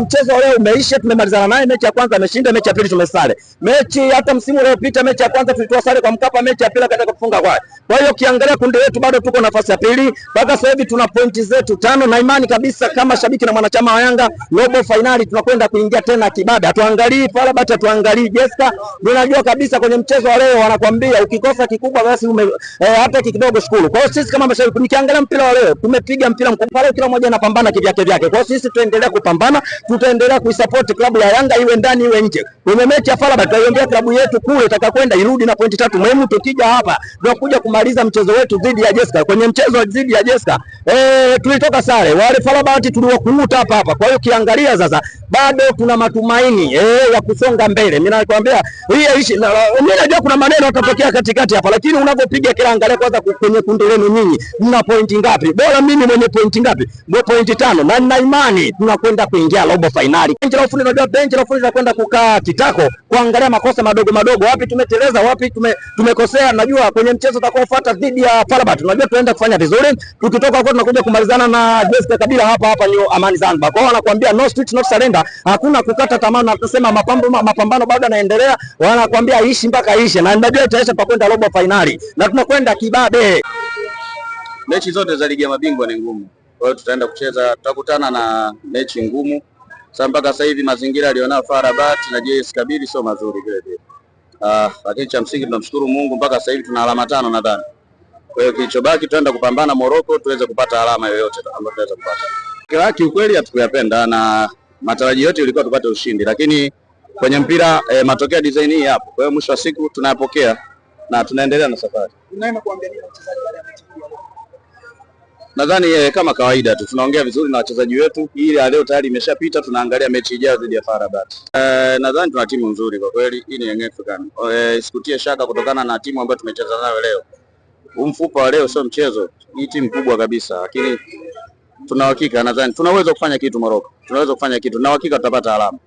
Mchezo um, leo umeisha, tumemalizana naye. Mechi ya kwanza ameshinda, mechi ya pili tumesare. Mechi hata msimu uliopita, mechi ya kwanza tulitoa sare kwa Mkapa, mechi ya pili akaenda kufunga kwa. Kwa hiyo ukiangalia kundi letu bado tuko nafasi ya pili mpaka sasa hivi, tuna pointi zetu tano, na imani kabisa kama shabiki na mwanachama wa Yanga, robo finali tunakwenda kuingia tena kibada. Tuangalie pala bata, tuangalie Jeska. Ninajua kabisa kwenye mchezo wa leo wanakuambia ukikosa kikubwa basi ume, eh, hata kidogo shukuru. Kwa hiyo sisi kama mashabiki, nikiangalia mpira wa leo tumepiga mpira mkubwa leo, kila mmoja anapambana kivyake vyake. Kwa hiyo sisi tuendelea kupambana tutaendelea kuisupport klabu ya Yanga iwe ndani iwe nje. Kwenye mechi ya Faraba tutaiombea klabu yetu kule itakakwenda irudi na pointi tatu muhimu. Tukija hapa tunakuja kumaliza mchezo wetu dhidi ya Jeska. Kwenye mchezo dhidi ya Jeska eh, tulitoka sare wale Faraba wati tuliwakuuta hapa hapa. Kwa hiyo kiangalia sasa bado tuna matumaini eh, ya kusonga mbele. Mimi nakwambia hii ishi na, mimi najua kuna maneno yatatokea katikati hapa, lakini unavyopiga kila angalia kwanza kwenye kundi lenu nyinyi mna pointi ngapi? Bora mimi mwenye pointi ngapi? Mwe pointi tano na nina imani tunakwenda kuingia kuingia robo fainali. Benchi la ufundi, unajua benchi la ufundi linakwenda kukaa kitako kuangalia makosa madogo madogo, wapi tumeteleza, wapi tume, tumekosea. Najua kwenye mchezo utakaofuata dhidi ya Farabat, unajua tunaenda kufanya vizuri, tukitoka huko tunakuja kumalizana na ya Kabila hapa hapa ni Amani Zanzibar. Kwao hiyo wanakuambia no street no surrender, hakuna kukata tamaa, na kusema mapambo mapambano bado yanaendelea, wanakuambia ishi mpaka ishe, na najua itaisha pa kwenda robo fainali na tunakwenda kibabe. Mechi zote za ligi ya mabingwa ni ngumu. Kwa hiyo tutaenda kucheza, tutakutana na mechi ngumu. Sasa mpaka sasa hivi mazingira alionayo FAR Rabat na JS Kabylie sio mazuri vile vile. Ah, lakini cha msingi tunamshukuru Mungu mpaka sasa hivi tuna alama tano nadhani. Kwa hiyo kilichobaki tutaenda kupambana Morocco tuweze kupata alama yoyote ambayo tunaweza kupata. Kiukweli hatukuyapenda na matarajio yote ilikuwa tupate ushindi, lakini kwenye mpira e, matokeo design hii hapo. Kwa hiyo mwisho wa siku tunayapokea na tunaendelea na safari. kuambia wachezaji baada ya mechi nadhani eh, kama kawaida tu tunaongea vizuri na wachezaji wetu. Hii leo tayari imeshapita, tunaangalia mechi ijayo dhidi ya FAR Rabat. Eh, nadhani tuna timu nzuri kwa kweli, hii ni Young Africans. Eh, sikutie shaka kutokana na timu ambayo tumecheza nayo leo. Umfupa wa leo sio mchezo, hii timu kubwa kabisa, lakini tuna uhakika, nadhani tunaweza kufanya kitu Morocco, tunaweza kufanya kitu na uhakika tutapata alama.